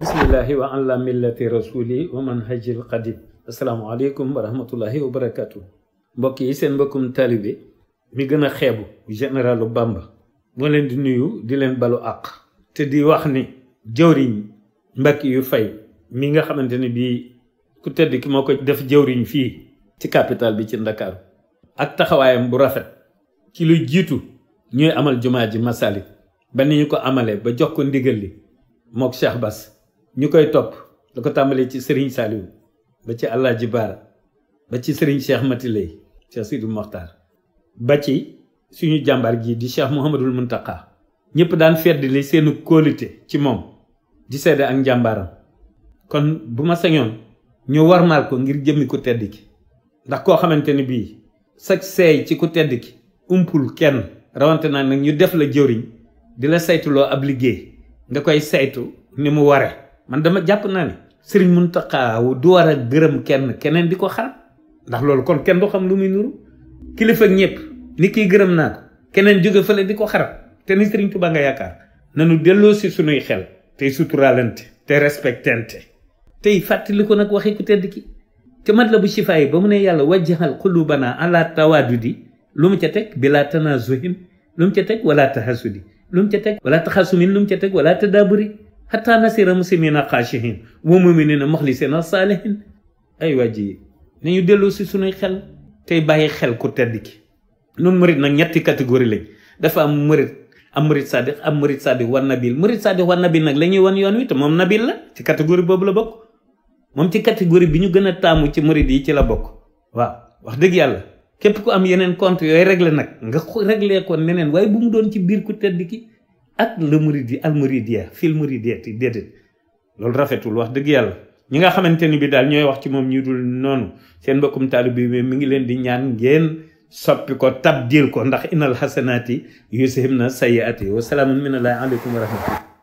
bismillahi wa ala millati rasuli wa manhajil qadim asalaamaaleykum wa rahmatullahi wa barakatu mbokk yi seen mbokkum taalibe mi gën a xeebu généralu Bamba moo leen di nuyu di leen balu àq te di wax ni jëwriñ Mbàkke yu fay mi nga xamante ne bii ku tedd ki moo ko def jëwriñ fii ci capital bi ci Ndakaaru ak taxawaayam bu rafet ci lu jiitu ñuy amal jumaa ji Masalik ba ni ñu ko amalee ba jox ko ndigal li mook Cheikh Bass ñu top, topp lu ko tàmbalee ci serigne Saliou ba ci allah jibar ba ci serigne Cheikh Matilay Cheikh Sidou Mokhtar ba ci suñu jambar gi di Cheikh Mouhamadul muntaka, ñepp daan fedd li seenu qualité ci mom di seede ak kon buma sañon ñu war mal ko ngir jëmmi ko tedd ki ndax ko xamanteni ni sax sey ci ku tedd ki umpul kenn rawante naa nag ñu def la jëwriñ di la lo ab liggéey nga koy saytu ni mu waré man dama jàpp naa ne sëriñ Muntaxa du war a gërëm kenn keneen di ko xarab ndax loolu kon kenn du xam lu muy nuru kilifa ñëpp ni kii gërëm naa keneen jóge fële di ko xarab te ni sëriñ Tuubaa nga yaakaar na nanu delloo si sunuy xel tey suturaalante te respectante te fàttali ko nag waxi ku tedd ki te mat la bu sifaa yi ba mu ne yàlla wajjahal xulubana ala tawaadudi lu mu ca teg bila lu mu ca teg wala tahasudi lu mu ca teg wala taxasumin di mu ca teg xataa nasira na xaashihin wa muminina maxlisina saalihin ay waa ji ñu delloo si sunuy xel tey bàyyi xel ku tedd ki nun murit nag ñetti catégorie lañ dafa am murit am murit sadiq am murit sadiq war nabil murit sadiq war nabil nag la ñuy wan yoon wi te moom nabil la ci catégorie boobu la bokk moom ci catégorie bi ñu gën a taamu ci murit yi ci la bokk waaw wax dëgg yàlla képp ku am yeneen compte yooyu réglé nag nga réglé ko neneen waaye bu mu doon ci biir ku tedd ki ak le muridi al muridiya fil muridiyati déedéet loolu rafetul wax dëgg yàlla ñi nga xamante ni bi daal ñooy wax ci moom ñu dul noonu seen mbokkum taalib bi mi ngi leen di ñaan ngeen soppi ko tabdil ko ndax innal xasanaati yusihim na sayiati wa salaamun minallahi aleykum wa rahmatullah